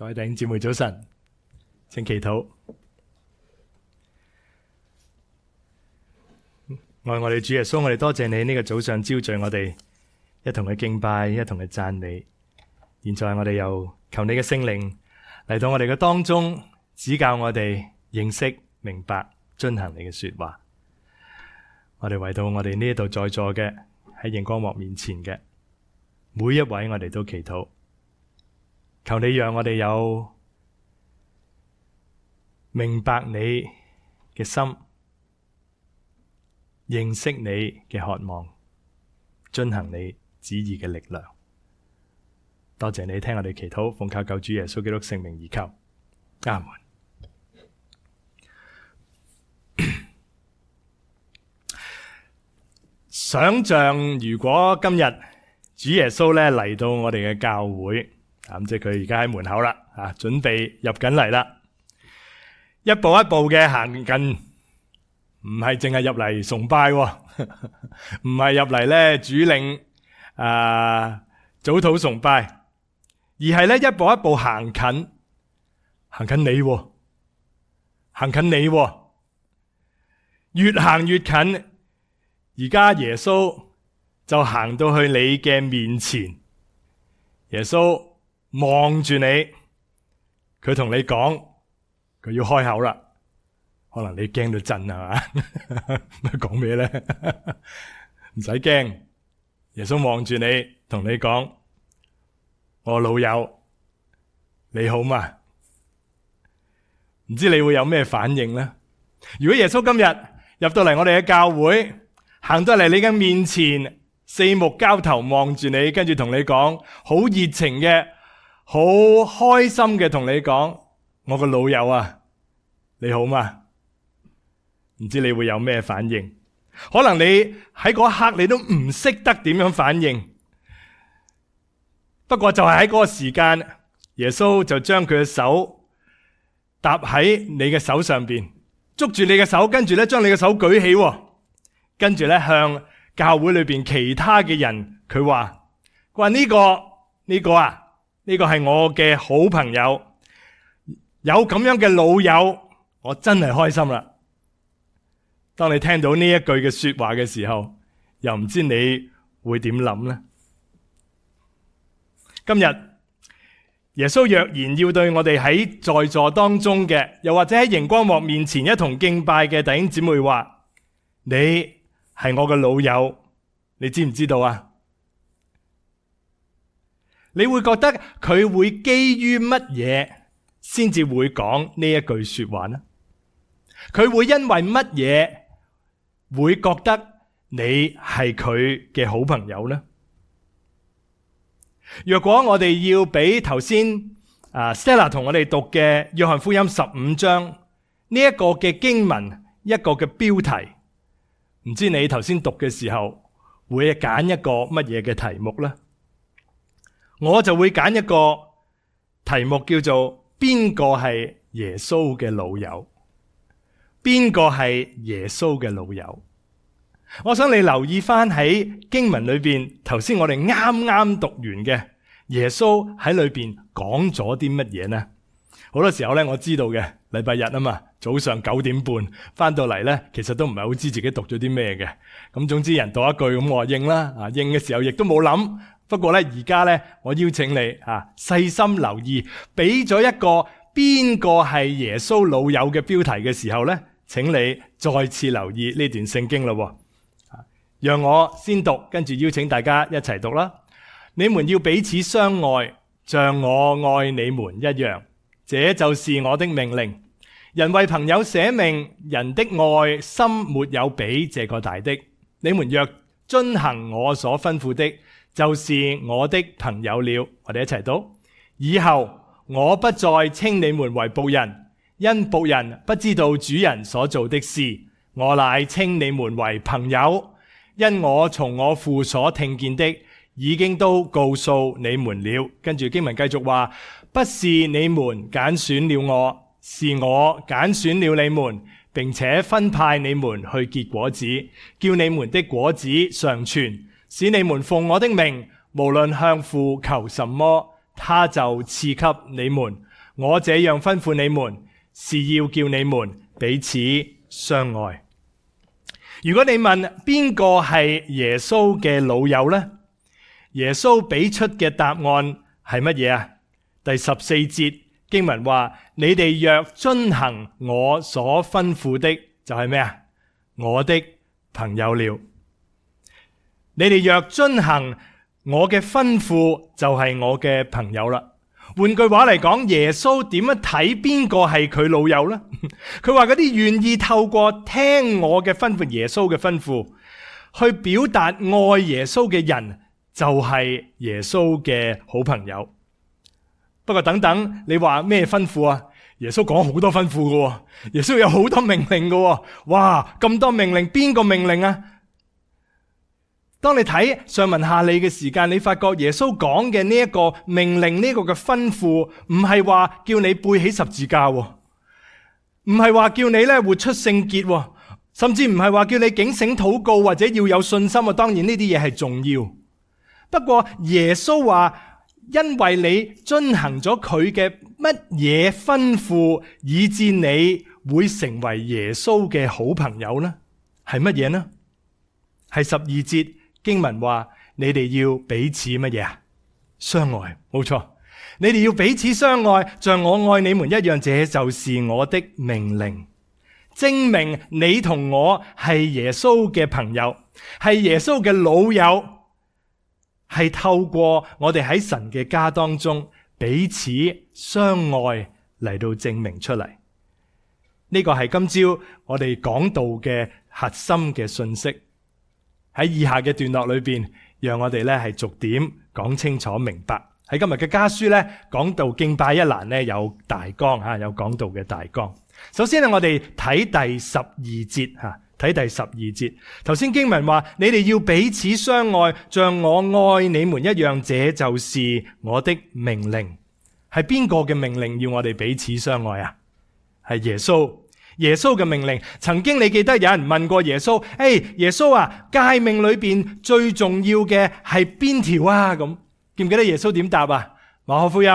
各位弟兄姊妹，早晨，請祈禱。愛我哋主耶穌，我哋多謝你呢個早上招聚我，我哋一同去敬拜，一同去讚美。現在我哋又求你嘅聖靈嚟到我哋嘅當中，指教我哋認識、明白、遵行你嘅說話。我哋為到我哋呢一度在座嘅喺螢光幕面前嘅每一位，我哋都祈禱。求你讓我哋有明白你嘅心，認識你嘅渴望，遵行你旨意嘅力量。多謝你聽我哋祈禱，奉靠救主耶穌基督聖名而求。阿門。 想象如果今日主耶穌咧嚟到我哋嘅教會。咁即係佢而家喺門口啦，啊，準備入緊嚟啦，一步一步嘅行近，唔係淨係入嚟崇拜，唔係入嚟咧主領啊早堂崇拜，而係咧一步一步行近，行近你，行近你，越行越近，而家耶穌就行到去你嘅面前，耶穌。望住你，佢同你講，佢要開口啦。可能你驚到震啊？講咩咧？唔使驚，耶穌望住你，同你講：我老友，你好嘛？唔知你會有咩反應咧？如果耶穌今日入到嚟我哋嘅教會，行到嚟你嘅面前，四目交投望住你，跟住同你講，好熱情嘅。好開心嘅同你講，我個老友啊，你好嘛？唔知你會有咩反應？可能你喺嗰刻你都唔識得點樣反應。不過就係喺嗰個時間，耶穌就將佢嘅手搭喺你嘅手上邊，捉住你嘅手，跟住咧將你嘅手舉起，跟住咧向教會裏邊其他嘅人，佢話：，佢話呢個，呢個啊。呢、個係我嘅好朋友，有咁樣嘅老友，我真係開心啦。當你聽到呢一句嘅說話嘅時候，又唔知你會點諗呢？今日耶穌若然要對我哋喺在座當中嘅，又或者喺熒光幕面前一同敬拜嘅弟兄姊妹話：你係我嘅老友，你知唔知道啊？你會覺得佢會基於乜嘢先至會講呢一句說話呢？佢會因為乜嘢會覺得你係佢嘅好朋友呢？若果我哋要俾頭先啊 Stella 同我哋讀嘅約翰福音十五章呢一個嘅經文一個嘅標題，唔知你頭先讀嘅時候會揀一個乜嘢嘅題目呢？我就會揀一個題目叫做邊個係耶穌嘅老友？邊個係耶穌嘅老友？我想你留意翻喺經文裏邊，頭先我哋啱啱讀完嘅耶穌喺裏邊講咗啲乜嘢呢？好多時候咧，我知道嘅禮拜日啊嘛，早上九點半翻到嚟咧，其實都唔係好知自己讀咗啲咩嘅。咁總之人讀一句咁我應啦，啊應嘅時候亦都冇諗。不過咧，而家咧，我邀請你吓，細心留意俾咗一個邊個係耶穌老友嘅標題嘅時候咧，請你再次留意呢段聖經喇喎。讓我先讀，跟住邀請大家一齊讀啦。你們要彼此相愛，像我愛你們一樣，這就是我的命令。人為朋友捨命，人的愛心沒有比這個大的。你們若遵行我所吩咐的，就是我的朋友了，我哋一齊讀。以後我不再稱你們為僕人，因僕人不知道主人所做的事，我乃稱你們為朋友，因我從我父所聽見的，已經都告訴你們了。跟住經文繼續話，不是你們揀選了我，是我揀選了你們，並且分派你們去結果子，叫你們的果子常存。使你們奉我的名，無論向父求什麼，他就賜給你們。我這樣吩咐你們，是要叫你們彼此相愛。如果你問邊個係耶穌嘅老友呢？耶穌俾出嘅答案係乜嘢啊？第十四節經文話：你哋若遵行我所吩咐的，就係咩啊？我的朋友了。你哋若遵行我嘅吩咐，就係我嘅朋友啦。換句話嚟講，耶穌點樣睇邊個係佢老友呢？佢話嗰啲願意透過聽我嘅吩咐，耶穌嘅吩咐，去表達愛耶穌嘅人，就係耶穌嘅好朋友。不過等等，你話咩吩咐啊？耶穌講好多吩咐噶，耶穌有好多命令噶。哇，咁多命令，邊個命令啊？當你睇上文下理嘅時間，你發覺耶穌講嘅呢一個命令，呢個嘅吩咐，唔係話叫你背起十字架，唔係話叫你咧活出聖潔，甚至唔係話叫你警醒禱告或者要有信心啊。當然呢啲嘢係重要，不過耶穌話，因為你遵行咗佢嘅乜嘢吩咐，以致你會成為耶穌嘅好朋友呢？係乜嘢呢？係十二節。經文話：你哋要彼此乜嘢啊？相愛，冇錯。你哋要彼此相愛，像我愛你們一樣，這就是我的命令。證明你同我係耶穌嘅朋友，係耶穌嘅老友，係透過我哋喺神嘅家當中彼此相愛嚟到證明出嚟。呢、這個係今朝我哋講道嘅核心嘅信息。喺以下嘅段落裏邊，讓我哋咧係逐點講清楚明白。喺今日嘅家書咧，講到敬拜一欄咧有大綱吓，有講到嘅大綱。首先咧，我哋睇第十二節吓，睇第十二節。頭先經文話：你哋要彼此相愛，像我愛你們一樣，這就是我的命令。係邊個嘅命令要我哋彼此相愛啊？係耶穌。耶穌嘅命令，曾經你記得有人問過耶穌：誒，耶穌啊，誡命裏邊最重要嘅係邊條啊？咁記唔記得耶穌點答啊？馬可福音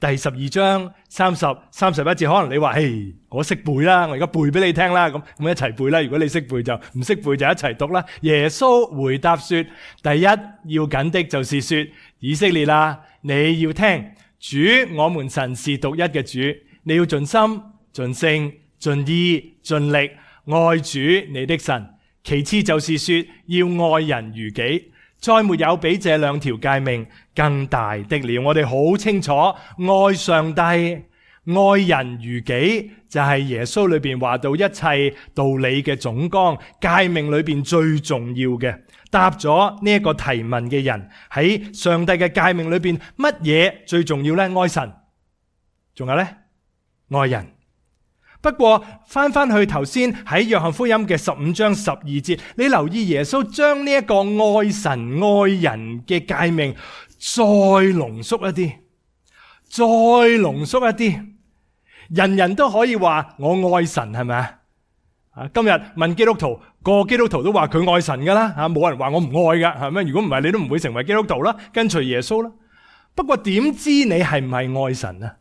第十二章三十三十一節，可能你話：嘿，我識背啦，我而家背俾你聽啦，咁咁一齊背啦。如果你識背就唔識背就一齊讀啦。耶穌回答說：第一要緊的，就是說以色列啦，你要聽主，我們神是獨一嘅主，你要盡心盡性。盡意盡力愛主你的神，其次就是說要愛人如己，再沒有比這兩條誡命更大的了。我哋好清楚，愛上帝、愛人如己就係、是、耶穌裏邊話到一切道理嘅總綱，誡命裏邊最重要嘅。答咗呢一個提問嘅人喺上帝嘅誡命裏邊乜嘢最重要呢？愛神，仲有呢愛人。不過翻翻去頭先喺約翰福音嘅十五章十二節，你留意耶穌將呢一個愛神愛人嘅誡命再濃縮一啲，再濃縮一啲，人人都可以話我愛神係咪啊？今日問基督徒，個基督徒都話佢愛神噶啦，啊冇人話我唔愛噶，係咪？如果唔係，你都唔會成為基督徒啦，跟隨耶穌啦。不過點知你係唔係愛神啊？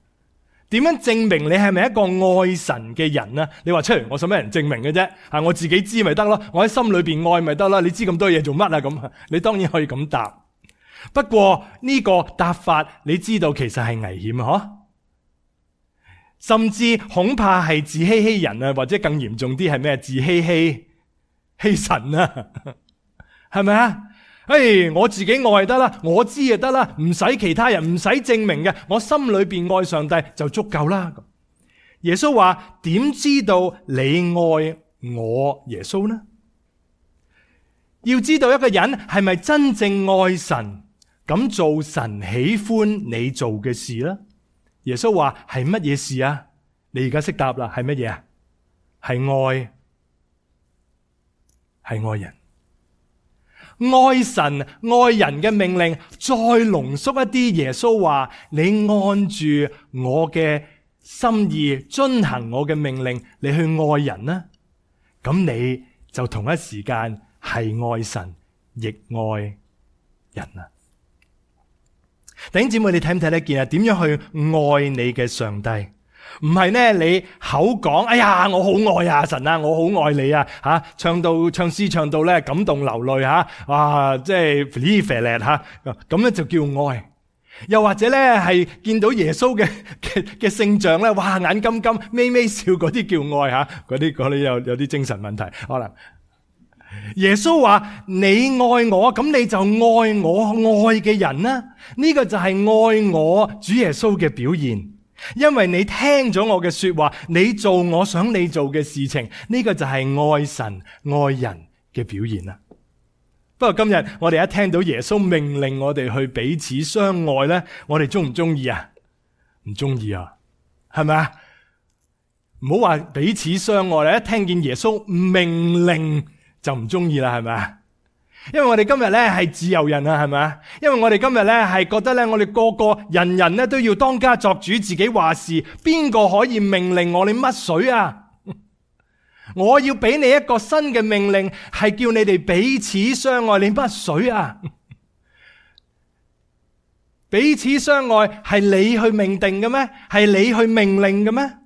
點樣證明你係咪一個愛神嘅人呢？你話出嚟，我使咩人證明嘅啫？我自己知咪得咯，我喺心裏邊愛咪得囉。你知咁多嘢做乜啊？咁，你當然可以咁答。不過呢個答法，你知道其實係危險啊，嗬？甚至恐怕係自欺欺人啊，或者更嚴重啲係咩？自欺欺欺神啊，係咪啊？哎、hey，我自己愛得啦，我知就得啦，唔使其他人，唔使證明嘅，我心裏邊愛上帝就足夠啦。耶穌話：點知道你愛我耶穌呢？要知道一個人係咪真正愛神，咁做神喜歡你做嘅事呢。耶穌話：係乜嘢事啊？你而家識答啦，係乜嘢啊？係愛，係愛人。愛神愛人嘅命令，再濃縮一啲。耶穌話：你按住我嘅心意，遵行我嘅命令，你去愛人呢？咁你就同一時間係愛神，亦愛人啊！弟兄姊妹，你睇唔睇得見啊？點樣去愛你嘅上帝？唔係咧，你口講，哎呀，我好愛啊，神啊，我好愛你啊，吓唱到唱詩唱到咧感動流淚吓，哇、啊，即係 feel feel 吓，咁咧就叫愛。又或者咧係見到耶穌嘅嘅嘅聖像咧，哇，眼金金、眯眯笑嗰啲叫愛吓，嗰啲嗰啲有有啲精神問題可能。好喇，耶穌話：你愛我，咁你就愛我愛嘅人啦。呢、這個就係愛我主耶穌嘅表現。因為你聽咗我嘅說話，你做我想你做嘅事情，呢個就係愛神愛人嘅表現啦。不過今日我哋一聽到耶穌命令我哋去彼此相愛呢，我哋中唔中意啊？唔中意啊？係咪啊？唔好話彼此相愛啦，一聽見耶穌命令就唔中意啦，係咪啊？因為我哋今日呢係自由人啊，係咪啊？因為我哋今日呢係覺得呢，我哋個個人人呢都要當家作主，自己話事，邊個可以命令我哋？乜水啊？我要俾你一個新嘅命令，係叫你哋彼此相愛，你乜水啊？彼此相愛係你去命定嘅咩？係你去命令嘅咩？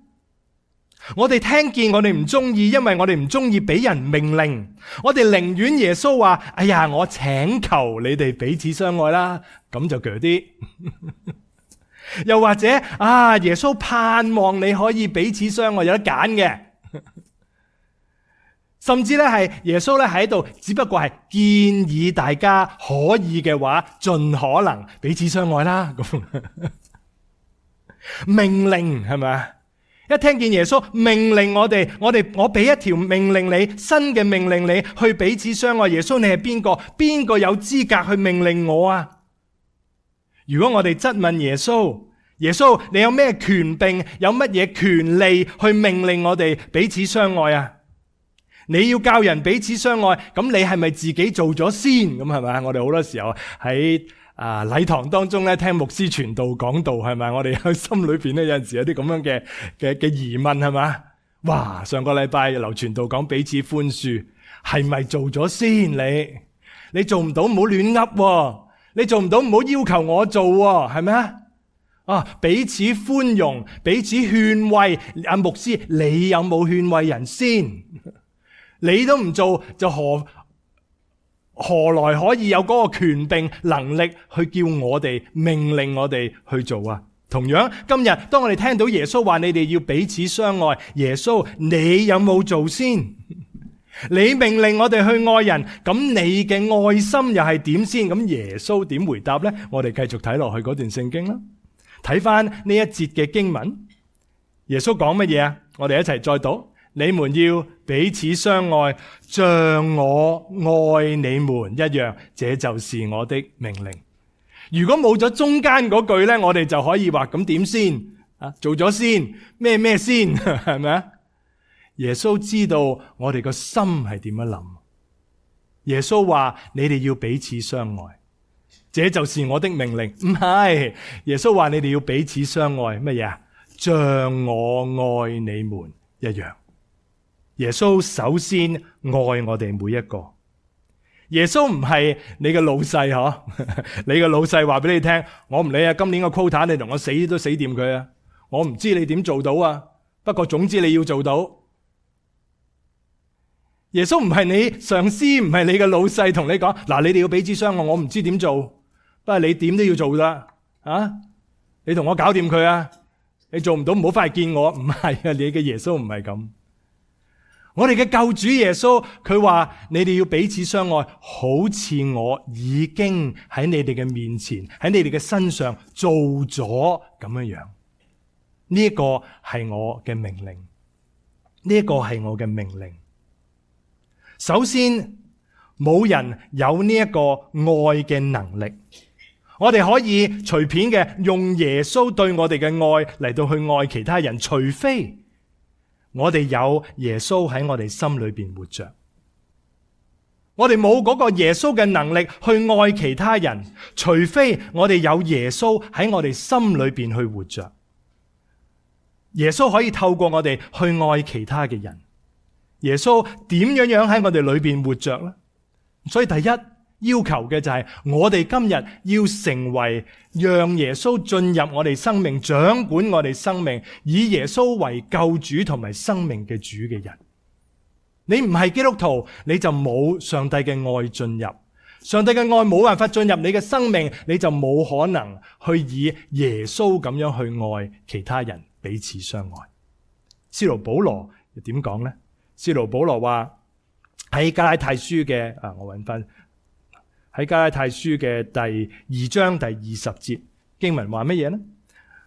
我哋聽見我哋唔中意，因為我哋唔中意俾人命令。我哋寧願耶穌話：哎呀，我請求你哋彼此相愛啦，咁就鋸啲。 又或者啊，耶穌盼望你可以彼此相愛，有得揀嘅。 甚至呢，係耶穌呢喺度，只不過係建議大家可以嘅話，盡可能彼此相愛啦。 咁命令係咪啊？一聽見耶穌命令我哋，我哋我俾一條命令你，新嘅命令你去彼此相愛。耶穌你係邊個？邊個有資格去命令我啊？如果我哋質問耶穌，耶穌你有咩權柄？有乜嘢權利去命令我哋彼此相愛啊？你要教人彼此相愛，咁你係咪自己做咗先？咁係咪？我哋好多時候喺。啊！禮堂當中咧，聽牧師傳道講道，係咪？我哋喺心裏邊咧，有陣時有啲咁樣嘅嘅嘅疑問係咪啊？哇！上個禮拜劉傳道講彼此寬恕，係咪做咗先？你你做唔到，唔好亂噏；你做唔到，唔好要求我做，係咪啊？啊！彼此寬容，彼此勸慰。阿牧師，你有冇勸慰人先？你都唔做，就何何來可以有嗰個權柄能力去叫我哋，命令我哋去做啊。同樣，今日當我哋聽到耶穌話你哋要彼此相愛，耶穌你有冇做先？ 彼此相愛，像我愛你們一樣，這就是我的命令。如果冇咗中間嗰句呢，我哋就可以話咁點先啊？做咗先咩咩先係咪啊？耶穌知道我哋個心係點樣諗。耶穌話：你哋要彼此相愛，這就是我的命令。唔係，耶穌話你哋要彼此相愛乜嘢啊？像我愛你們一樣。耶穌首先愛我哋每一個。耶穌唔係你嘅老細嗬，啊、 你嘅老細話俾你聽，我唔理啊，今年個 quota 你同我死都死掂佢啊，我唔知你點做到啊，不過總之你要做到。耶穌唔係你上司，唔係你嘅老細，同你講嗱，你哋要彼此相愛，我唔知點做，不過你點都要做啦，啊，你同我搞掂佢啊，你做唔到，唔好翻嚟見我，唔係啊，你嘅耶穌唔係咁。我哋嘅救主耶穌佢話：你哋要彼此相愛，好似我已經喺你哋嘅面前，喺你哋嘅身上做咗咁樣樣。呢個係我嘅命令，呢個係我嘅命令。首先，冇人有呢一個愛嘅能力。我哋可以隨便嘅用耶穌對我哋嘅愛嚟到去愛其他人，除非。我哋有耶穌喺我哋心裏邊活着，我哋冇嗰個耶穌嘅能力去愛其他人，除非我哋有耶穌喺我哋心裏邊去活着。耶穌可以透過我哋去愛其他嘅人。耶穌點樣樣喺我哋裏邊活着呢？所以第一。要求嘅就係我哋今日要成為讓耶穌進入我哋生命，掌管我哋生命，以耶穌為救主同埋生命嘅主嘅人。你唔係基督徒，你就冇上帝嘅愛進入，上帝嘅愛冇辦法進入你嘅生命，你就冇可能去以耶穌咁樣去愛其他人，彼此相愛。斯勞保羅又點講呢？斯勞保羅話喺加拉太書嘅啊，我揾翻。喺加拉太書嘅第二章第二十節經文話乜嘢呢？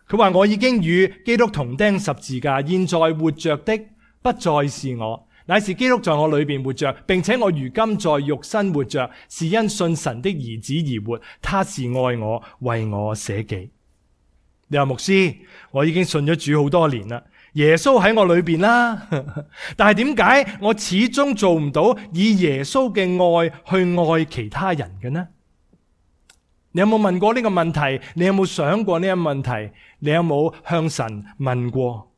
佢話，我已經與基督同釘十字架，現在活着的不再是我，乃是基督在我裏面活着，並且我如今在肉身活着，是因信神的兒子而活，他是愛我，為我捨己。你話，牧師，我已經信咗主好多年了耶穌喺我裏邊啦，但係點解我始終做唔到以耶穌嘅愛去愛其他人嘅呢？你有冇問過呢個問題？你有冇想過呢個問題？你有冇向神問過？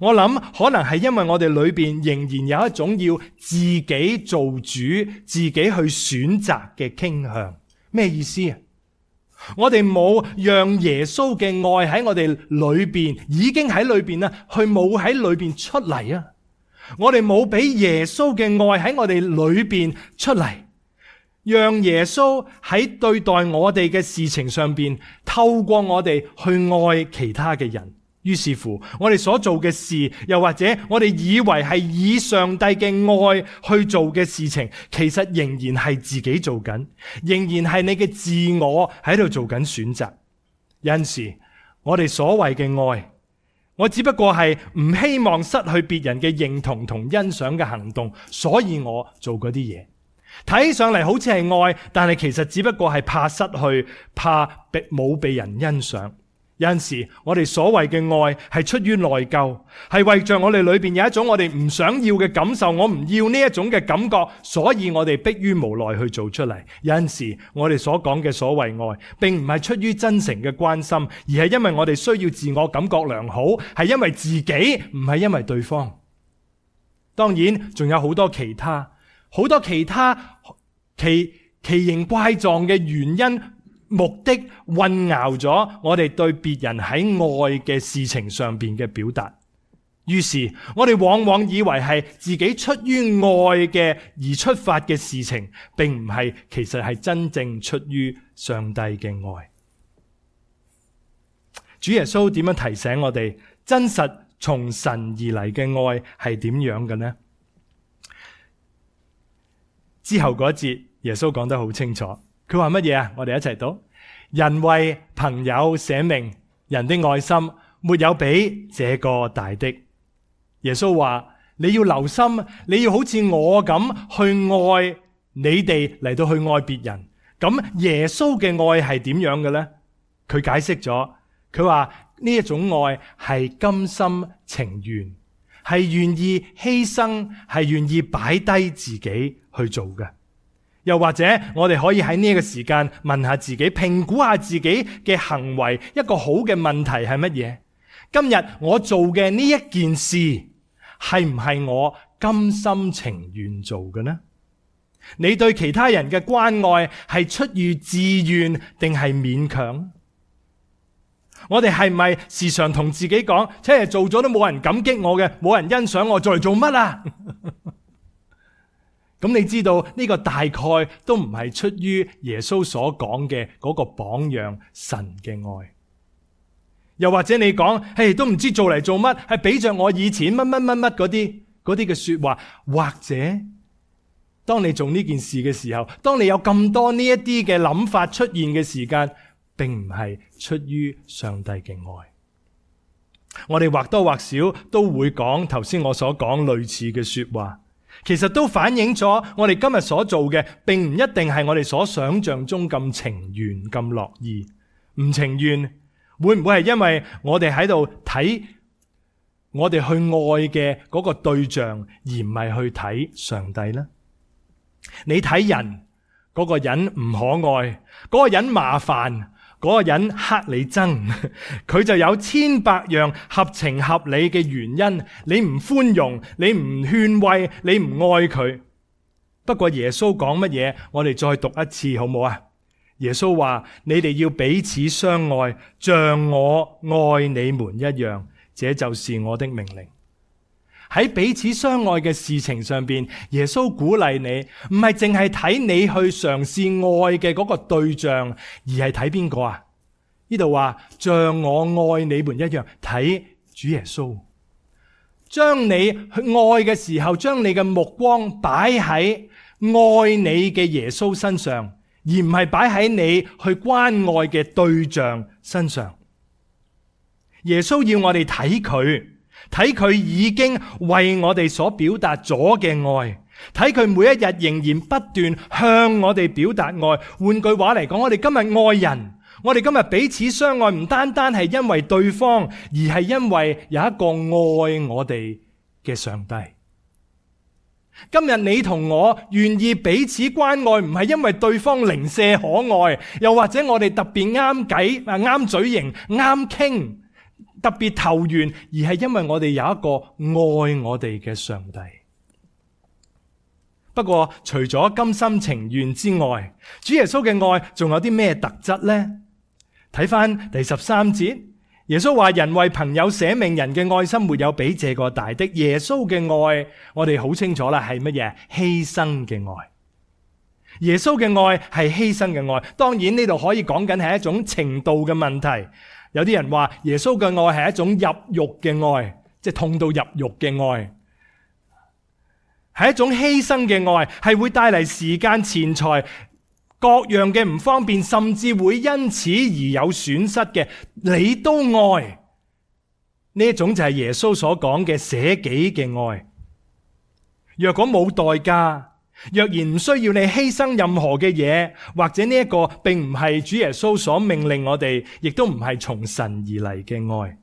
我諗可能係因為我哋裏邊仍然有一種要自己做主、自己去選擇嘅傾向。咩意思啊？我哋冇讓耶穌嘅愛喺我哋裏邊，已經喺裏邊啦，佢冇喺裏邊出嚟啊！我哋冇俾耶穌嘅愛喺我哋裏邊出嚟，讓耶穌喺對待我哋嘅事情上邊，透過我哋去愛其他嘅人。於是乎，我哋所做嘅事，又或者我哋以為係以上帝嘅愛去做嘅事情，其實仍然係自己做緊，仍然係你嘅自我喺度做緊選擇。有陣時，我哋所謂嘅愛，我只不過係唔希望失去別人嘅認同同欣賞嘅行動，所以我做嗰啲嘢，睇上嚟好似係愛，但係其實只不過係怕失去，怕被冇被人欣賞。有陣時，我哋所謂嘅愛係出於內疚，係為着我哋裏邊有一種我哋唔想要嘅感受，我唔要呢一種嘅感覺，所以我哋迫於無奈去做出嚟。有陣時，我哋所講嘅所謂愛，並唔係出於真誠嘅關心，而係因為我哋需要自我感覺良好，係因為自己，唔係因為對方。當然，仲有好多其他，好多其他奇奇形怪狀嘅原因。目的混淆咗我哋對別人喺愛嘅事情上邊嘅表達，於是我哋往往以為係自己出於愛嘅而出發嘅事情，並唔係其實係真正出於上帝嘅愛。主耶穌點樣提醒我哋真實從神而嚟嘅愛係點樣嘅呢？之後嗰節耶穌講得好清楚。佢話乜嘢啊？我哋一齊讀。人為朋友捨命，人的愛心沒有比這個大的。耶穌話：你要留心，你要好似我咁去愛你哋，嚟到去愛別人。咁耶穌嘅愛係點樣嘅呢？佢解釋咗。佢話呢一種愛係甘心情願，係願意犧牲，係願意擺低自己去做嘅。又或者，我哋可以喺呢個時間問下自己，評估下自己嘅行為。一個好嘅問題係乜嘢？今日我做嘅呢一件事，係唔係我甘心情願做嘅呢？你對其他人嘅關愛係出於自願定係勉強？我哋係咪時常同自己講：即係做咗都冇人感激我嘅，冇人欣賞我，做嚟做乜啊？ 咁你知道呢個大概都唔係出於耶穌所講嘅嗰個榜樣，神嘅愛。又或者你講，嘿，都唔知做嚟做乜，係俾着我以前乜乜乜乜嗰啲嗰啲嘅說話，或者當你做呢件事嘅時候，當你有咁多呢一啲嘅諗法出現嘅時間，並唔係出於上帝嘅愛。我哋或多或少都會講頭先我所講類似嘅說話。其實都反映咗我哋今日所做嘅，並唔一定係我哋所想象中咁情願咁樂意。唔情願會唔會係因為我哋喺度睇我哋去愛嘅嗰個對象，而唔係去睇上帝呢？你睇人，嗰個人唔可愛，嗰個人麻煩。嗰、那個人黑你憎，佢就有千百樣合情合理嘅原因。你唔寬容，你唔勸慰，你唔愛佢。不過耶穌講乜嘢？我哋再讀一次好唔好啊？耶穌話：你哋要彼此相愛，像我愛你們一樣，這就是我的命令。喺彼此相愛嘅事情上邊，耶穌鼓勵你，唔係淨係睇你去嘗試愛嘅嗰個對象，而係睇邊個啊？呢度話像我愛你們一樣，睇主耶穌，將你去愛嘅時候，將你嘅目光擺喺愛你嘅耶穌身上，而唔係擺喺你去關愛嘅對象身上。耶穌要我哋睇佢。睇佢已經為我哋所表達咗嘅愛，睇佢每一日仍然不斷向我哋表達愛。換句話嚟講，我哋今日愛人，我哋今日彼此相愛，唔單單係因為對方，而係因為有一個愛我哋嘅上帝。今日你同我願意彼此關愛，唔係因為對方零舍可愛，又或者我哋特別啱計啊、啱嘴型啱傾。特別投緣，而係因為我哋有一個愛我哋嘅上帝。不過除咗甘心情願之外，主耶穌嘅愛仲有啲咩特質呢？睇翻第十三節，耶穌話，人為朋友捨命，人嘅愛心沒有比這個大的。耶穌嘅愛，我哋好清楚啦，係乜嘢？犧牲嘅愛。耶穌嘅愛係犧牲嘅愛。當然呢度可以講緊係一種程度嘅問題。有啲人話耶穌嘅愛係一種入肉嘅愛，即係痛到入肉嘅愛，係一種犧牲嘅愛，係會帶嚟時間、錢財各樣嘅唔方便，甚至會因此而有損失嘅。你都愛，呢一種就係耶穌所講嘅捨己嘅愛。若果冇代價，若然唔需要你犧牲任何嘅嘢，或者呢一個並唔係主耶穌所命令我哋，亦都唔係從神而嚟嘅愛。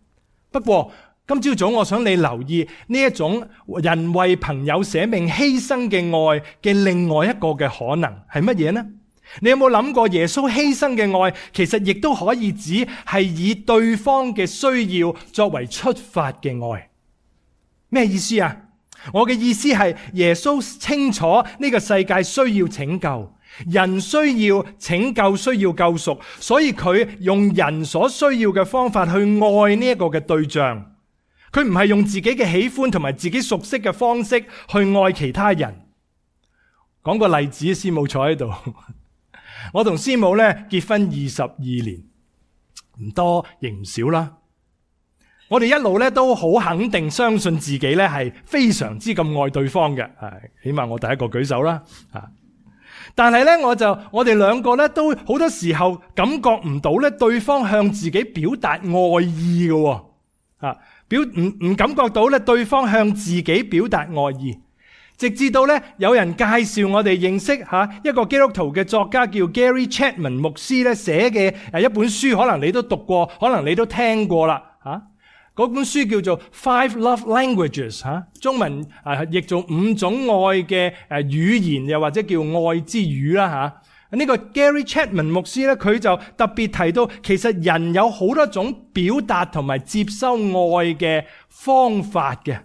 不過今朝早我想你留意呢一種人為朋友捨命犧牲嘅愛嘅另外一個嘅可能係乜嘢呢？你有冇諗過耶穌犧牲嘅愛其實亦都可以指係以對方嘅需要作為出發嘅愛？咩意思啊？我嘅意思係耶穌清楚呢個世界需要拯救，人需要拯救，需要救贖，所以佢用人所需要嘅方法去愛呢一個嘅對象。佢唔係用自己嘅喜歡同埋自己熟悉嘅方式去愛其他人。講個例子，師母坐喺度， 我同師母咧結婚二十二年，唔多亦唔少啦。我哋一路咧都好肯定相信自己咧，係非常之咁愛對方嘅，係起碼我第一個舉手啦，啊！但係咧我就我哋兩個咧都好多時候感覺唔到咧對方向自己表達愛意嘅，喎。表唔唔感覺到咧對方向自己表達愛意，直至到咧有人介紹我哋認識吓一個基督徒嘅作家叫 Gary Chapman 牧師咧寫嘅誒一本書，可能你都讀過，可能你都聽過啦。嗰本書叫做《Five Love Languages》吓，中文啊譯做五種愛嘅語言，又或者叫愛之語啦吓。呢個 Gary Chapman 牧師咧，佢就特別提到，其實人有好多種表達同埋接收愛嘅方法嘅，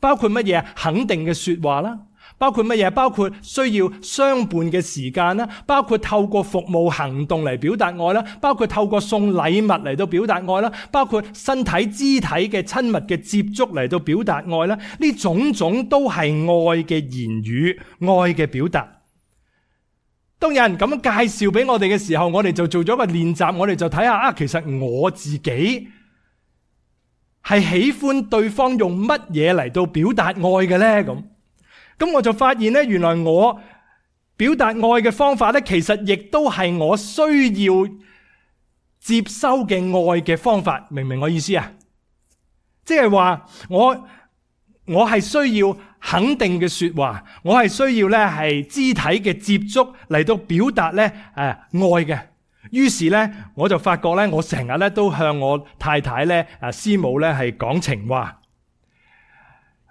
包括乜嘢啊？肯定嘅說話啦。包括乜嘢？包括需要相伴嘅時間啦，包括透過服務行動嚟表達愛啦，包括透過送禮物嚟到表達愛啦，包括身體肢體嘅親密嘅接觸嚟到表達愛啦。呢種種都係愛嘅言語，愛嘅表達。當有人咁介紹俾我哋嘅時候，我哋就做咗個練習，我哋就睇下啊，其實我自己係喜歡對方用乜嘢嚟到表達愛嘅呢？咁。咁我就發現呢，原來我表達愛嘅方法呢，其實亦都係我需要接收嘅愛嘅方法，明唔明我意思啊？即係話我我係需要肯定嘅說話，我係需要呢係肢體嘅接觸嚟到表達呢誒愛嘅。於是呢，我就發覺呢，我成日呢都向我太太呢、啊師母呢係講情話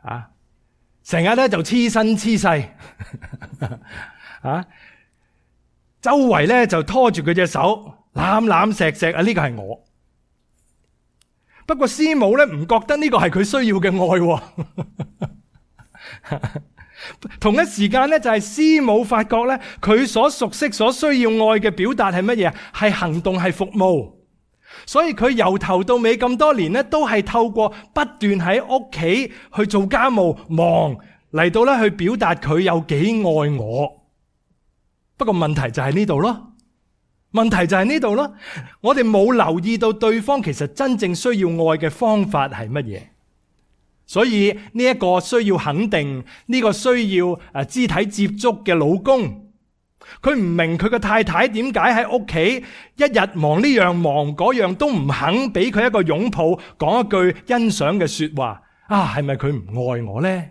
啊。成日咧就黐身黐世，啊！周圍咧就拖住佢隻手攬攬錫錫啊！呢個係我。不過師母咧唔覺得呢個係佢需要嘅愛。同一時間咧就係師母發覺咧佢所熟悉所需要愛嘅表達係乜嘢？係行動，係服務。所以佢由頭到尾咁多年呢，都係透過不斷喺屋企去做家務忙嚟，到咧去表達佢有幾愛我。不過，問題就係呢度咯，問題就係呢度咯。我哋冇留意到對方其實真正需要愛嘅方法係乜嘢，所以呢一個需要肯定呢、呢個需要誒肢體接觸嘅老公。佢唔明佢個太太點解喺屋企一日忙呢樣忙嗰樣，都唔肯俾佢一個擁抱，講一句欣賞嘅說話。啊，係咪佢唔愛我呢？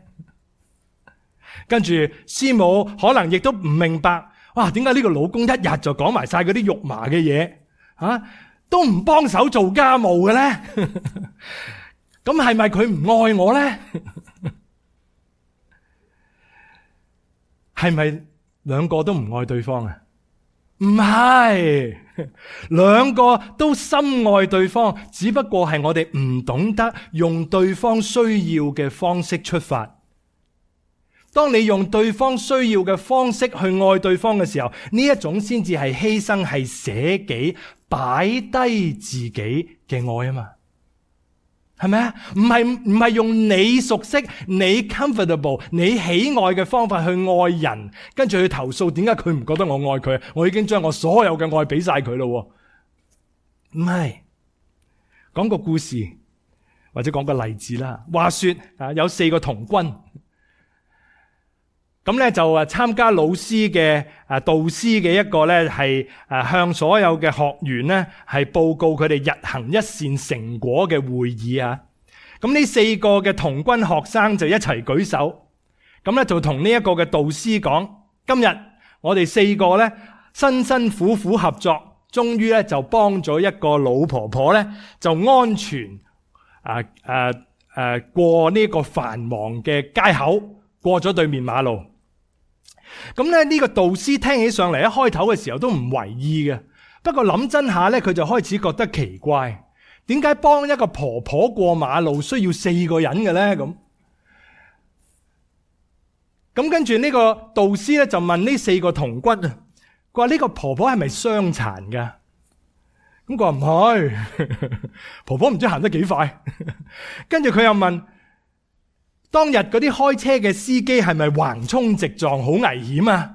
跟住師母可能亦都唔明白，哇，點解呢個老公一日就講埋晒嗰啲肉麻嘅嘢，啊，都唔幫手做家務嘅呢？咁係咪佢唔愛我呢？係咪？兩個都唔愛對方啊？唔係，兩個都深愛對方，只不過係我哋唔懂得用對方需要嘅方式出發。當你用對方需要嘅方式去愛對方嘅時候，呢一種先至係犧牲，係捨己擺低自己嘅愛啊嘛。係咪？唔係，唔係用你熟悉、你 comfortable、你喜愛嘅方法去愛人，跟住去投訴，點解佢唔覺得我愛佢？我已經將我所有嘅愛俾晒佢咯，唔係，講個故事或者講個例子啦。話說啊，有四個童軍。咁咧就誒參加老師嘅誒、啊、導師嘅一個咧係誒向所有嘅學員咧係報告佢哋日行一善成果嘅會議啊！咁呢四個嘅童軍學生就一齊舉手，咁咧就同呢一個嘅導師講：今日我哋四個咧辛辛苦苦合作，終於咧就幫咗一個老婆婆咧就安全啊啊誒過呢個繁忙嘅街口，過咗對面馬路。咁咧呢個導師聽起上嚟，一開頭嘅時候都唔為意嘅，不過諗真下咧佢就開始覺得奇怪，點解幫一個婆婆過馬路需要四個人嘅咧？咁咁跟住呢個導師咧就問呢四個童軍啊，佢話呢個婆婆係咪傷殘噶？咁佢話唔係，婆婆唔知行得幾快，跟住佢又問。當日嗰啲開車嘅司機係咪橫衝直撞好危險啊？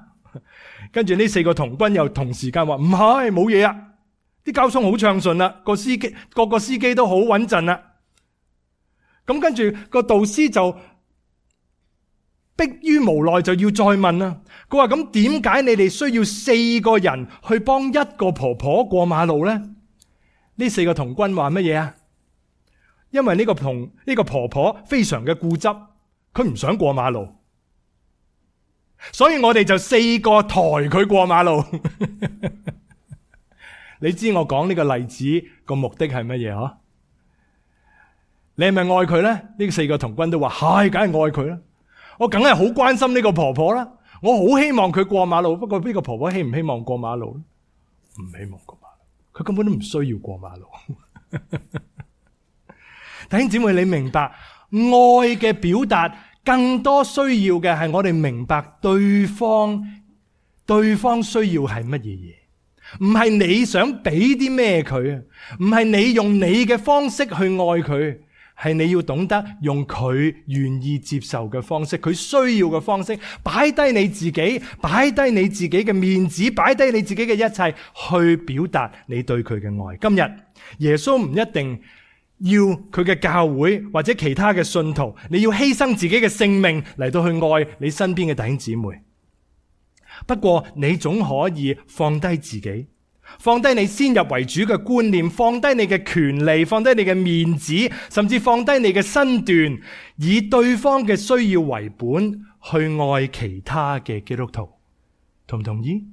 跟住呢四個童軍又同時間話唔係冇嘢啊，啲交通好暢順啊，個司機個個司機都好穩陣啊。咁跟住個導師就逼於無奈就要再問啦。佢話咁點解你哋需要四個人去幫一個婆婆過馬路呢？呢四個童軍話乜嘢啊？因為呢個同呢個婆婆非常嘅固執，佢唔想過馬路，所以我哋就四個抬佢過馬路。 你知我講呢個例子個目的係乜嘢嗬？你係咪愛佢咧？呢四個童軍都話：係，梗係愛佢啦。我梗係好關心呢個婆婆啦。我好希望佢過馬路，不過呢個婆婆希唔希望過馬路？唔希望過馬路，佢根本都唔需要過馬路。 弟兄姊妹，你明白愛嘅表達，更多需要嘅係我哋明白對方，對方需要係乜嘢嘢？唔係你想俾啲咩佢，唔係你用你嘅方式去愛佢，係你要懂得用佢願意接受嘅方式，佢需要嘅方式，擺低你自己，擺低你自己嘅面子，擺低你自己嘅一切，去表達你對佢嘅愛。今日耶穌唔一定。要佢嘅教會或者其他嘅信徒，你要犧牲自己嘅性命嚟到去愛你身邊嘅弟兄姊妹。不過你總可以放低自己，放低你先入為主嘅觀念，放低你嘅權利，放低你嘅面子，甚至放低你嘅身段，以對方嘅需要為本去愛其他嘅基督徒，同唔同意？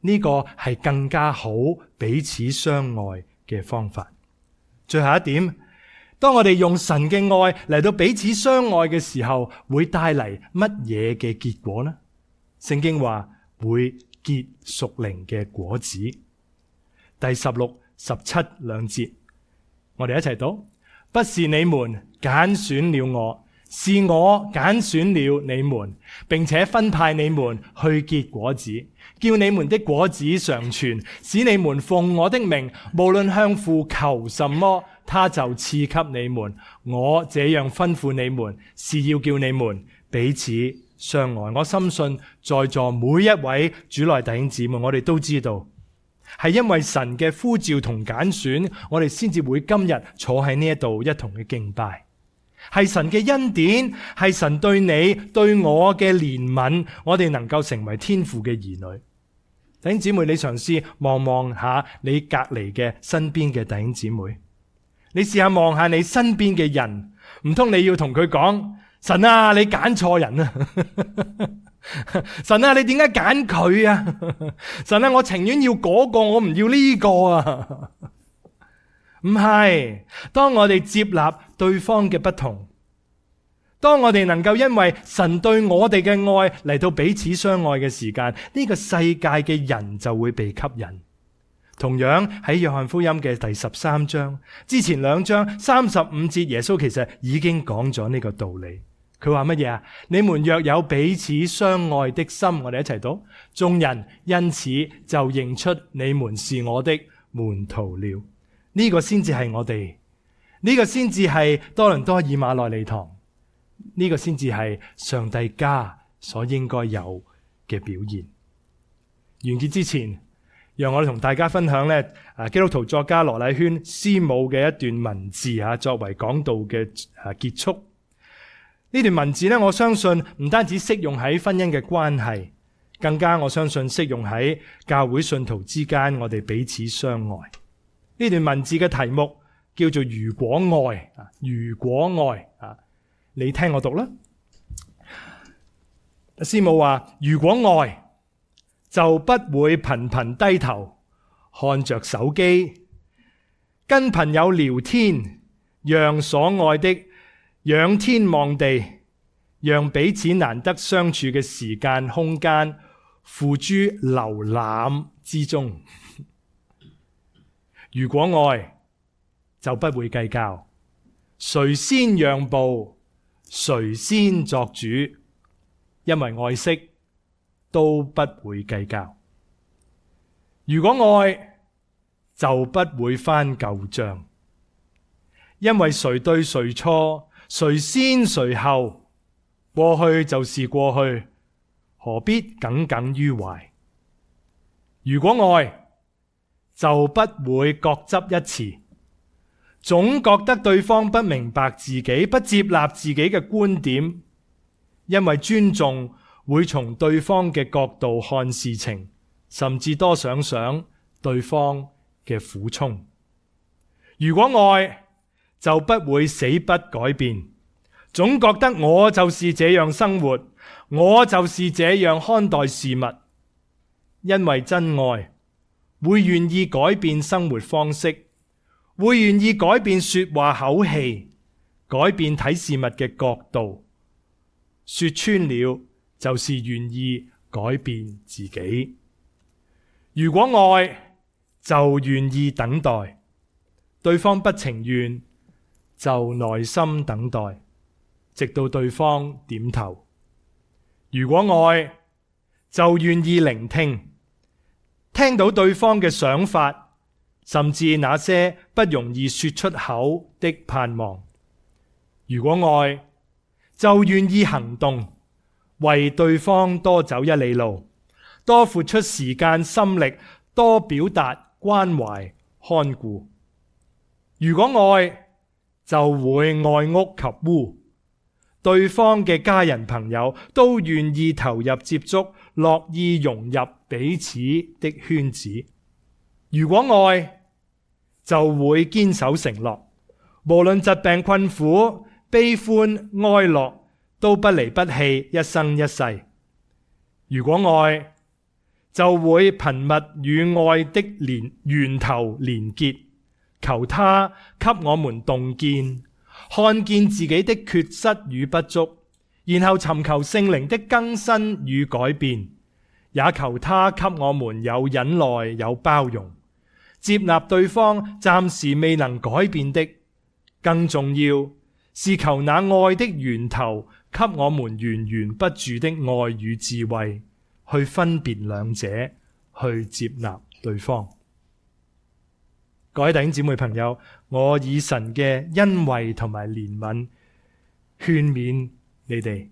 呢個係更加好彼此相愛嘅方法。最後一點，當我哋用神嘅愛嚟到彼此相愛嘅時候，會帶嚟乜嘢嘅結果呢？聖經話會結屬靈嘅果子。第十六、十七兩節，我哋一齊讀：不是你們揀選了我，是我揀選了你們，並且分派你們去結果子。叫你們的果子常存，使你們奉我的名，無論向父求什麼，他就賜給你們。我這樣吩咐你們，是要叫你們彼此相愛。我深信在座每一位主內弟兄姊妹，我哋都知道，係因為神嘅呼召同揀選，我哋先至會今日坐喺呢一度一同嘅敬拜。係神嘅恩典，係神對你、對我嘅憐憫，我哋能夠成為天父嘅兒女。弟兄姊妹，你嘗試望望下你隔籬嘅、身邊嘅弟兄姊妹，你試下望下你身邊嘅人，唔通你要同佢講：神啊，你揀錯人啊！」神啊，你點解揀佢啊？ 神啊，我情願要嗰個，我唔要呢個啊！ 唔係，當我哋接納對方嘅不同，當我哋能夠因為神對我哋嘅愛嚟到彼此相愛嘅時間，呢個世界嘅人就會被吸引。同樣喺約翰福音嘅第十三章之前兩章三十五節，耶穌其實已經講咗呢個道理。佢話乜嘢啊？你們若有彼此相愛的心，我哋一齊讀。眾人因此就認出你們是我的門徒了。呢、這個先至係我哋。呢、這個先至係多倫多以馬內利堂。呢、這個先至係上帝家所應該有嘅表現。完結之前，讓我哋同大家分享咧，啊基督徒作家羅乃萱師母嘅一段文字吓，作為講道嘅啊結束。呢段文字咧，我相信唔單止適用喺婚姻嘅關係，更加我相信適用喺教會信徒之間，我哋彼此相愛。呢段文字嘅題目叫做《如果愛》啊，《如果愛》啊，你聽我讀啦。師母話：如果愛，就不會頻頻低頭，看着手機，跟朋友聊天，讓所愛的，仰天望地，讓彼此難得相處嘅時間、空間付諸瀏覽之中。如果愛，就不會計較，誰先讓步，誰先作主，因為愛惜都不會計較。如果愛，就不會翻舊賬，因為誰對誰錯，誰先誰後，過去就是過去，何必耿耿於懷？如果愛。就不會各執一詞，總覺得對方不明白自己，不接納自己嘅觀點，因為尊重會從對方嘅角度看事情，甚至多想想對方嘅苦衷。如果愛，就不會死不改變，總覺得我就是這樣生活，我就是這樣看待事物，因為真愛。會願意改變生活方式，會願意改變說話口氣，改變睇事物嘅角度。說穿了，就是願意改變自己。如果愛，就願意等待，對方不情願，就耐心等待，直到對方點頭。如果愛，就願意聆聽。聽到對方嘅想法，甚至那些不容易說出口的盼望。如果愛，就願意行動，為對方多走一里路，多付出時間心力，多表達關懷看顧。如果愛，就會愛屋及烏。對方嘅家人朋友都願意投入接觸，樂意融入彼此的圈子。如果愛，就會堅守承諾，無論疾病困苦、悲歡哀樂，都不離不棄，一生一世。如果愛，就會頻密與愛的連源頭連結，求他給我們洞見。看見自己的缺失與不足，然後尋求聖靈的更新與改變，也求他給我們有忍耐、有包容，接納對方暫時未能改變的。更重要是求那愛的源頭給我們源源不絕的愛與智慧，去分辨兩者，去接納對方。各位弟兄姊妹、朋友，我以神嘅恩惠同埋憐憫勸勉你哋，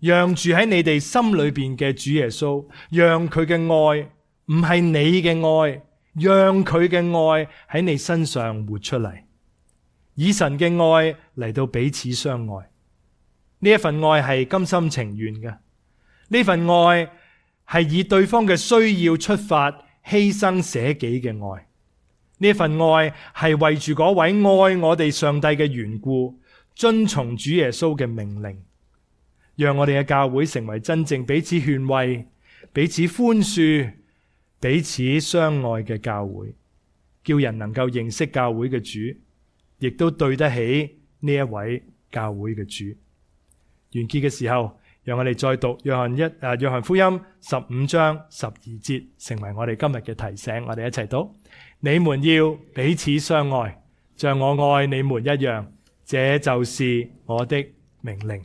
讓住喺你哋心裏邊嘅主耶穌，讓佢嘅愛唔係你嘅愛，讓佢嘅愛喺你身上活出嚟，以神嘅愛嚟到彼此相愛。呢一份愛係甘心情願嘅，呢份愛係以對方嘅需要出發，犧牲捨己嘅愛。呢份愛係為住嗰位愛我哋上帝嘅緣故，遵從主耶穌嘅命令，讓我哋嘅教會成為真正彼此勸慰、彼此寬恕、彼此相愛嘅教會，叫人能夠認識教會嘅主，亦都對得起呢一位教會嘅主。完結嘅時候，讓我哋再讀約翰一誒、啊、約翰福音十五章十二節，成為我哋今日嘅提醒。我哋一齊讀。你們要彼此相愛，像我愛你們一樣，這就是我的命令。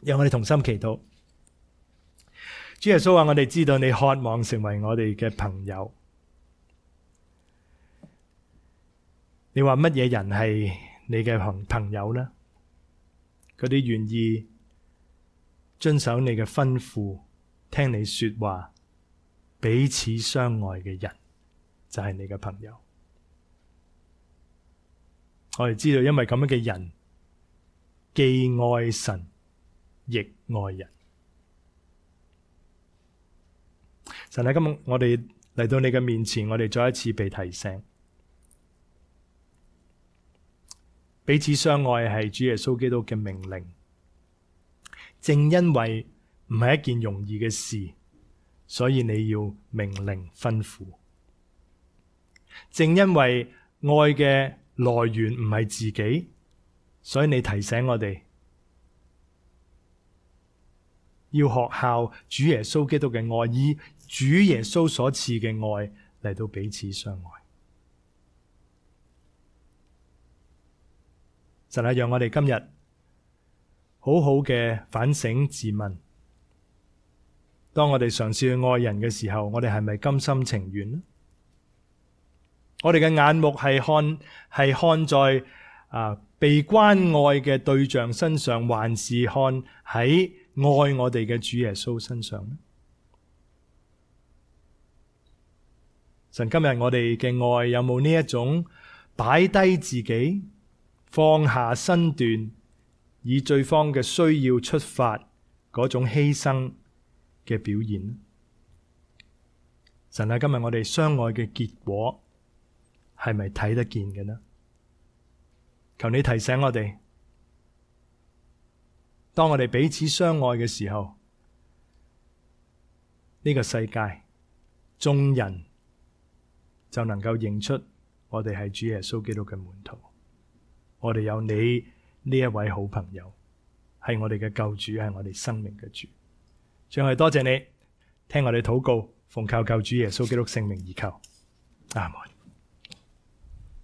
讓我哋同心祈禱。主耶穌話：我哋知道你渴望成為我哋嘅朋友。你話乜嘢人係你嘅朋朋友呢？嗰啲願意遵守你嘅吩咐、聽你說話、彼此相愛嘅人。就係、是、你嘅朋友。我哋知道，因為咁樣嘅人既愛神亦愛人。神喺今日，我哋嚟到你嘅面前，我哋再一次被提醒，彼此相愛係主耶穌基督嘅命令。正因為唔係一件容易嘅事，所以你要命令吩咐。正因為愛嘅來源唔係自己，所以你提醒我哋要學效主耶穌基督嘅愛，以主耶穌所賜嘅愛嚟到彼此相愛。神啊，讓我哋今日好好嘅反省自問：當我哋嘗試去愛人嘅時候，我哋係咪甘心情願？我哋嘅眼目係看係看在啊被關愛嘅對象身上，還是看喺愛我哋嘅主耶穌身上呢？神，今日我哋嘅愛有冇呢一種擺低自己、放下身段，以對方嘅需要出發嗰種犧牲嘅表現呢？神啊，今日我哋相愛嘅結果。係咪睇得見嘅呢？求你提醒我哋，當我哋彼此相愛嘅時候，呢個世界眾人就能夠認出我哋係主耶穌基督嘅門徒。我哋有你呢一位好朋友，係我哋嘅救主，係我哋生命嘅主。上帝多謝你，聽我哋禱告，奉靠救主耶穌基督聖名而求。阿門。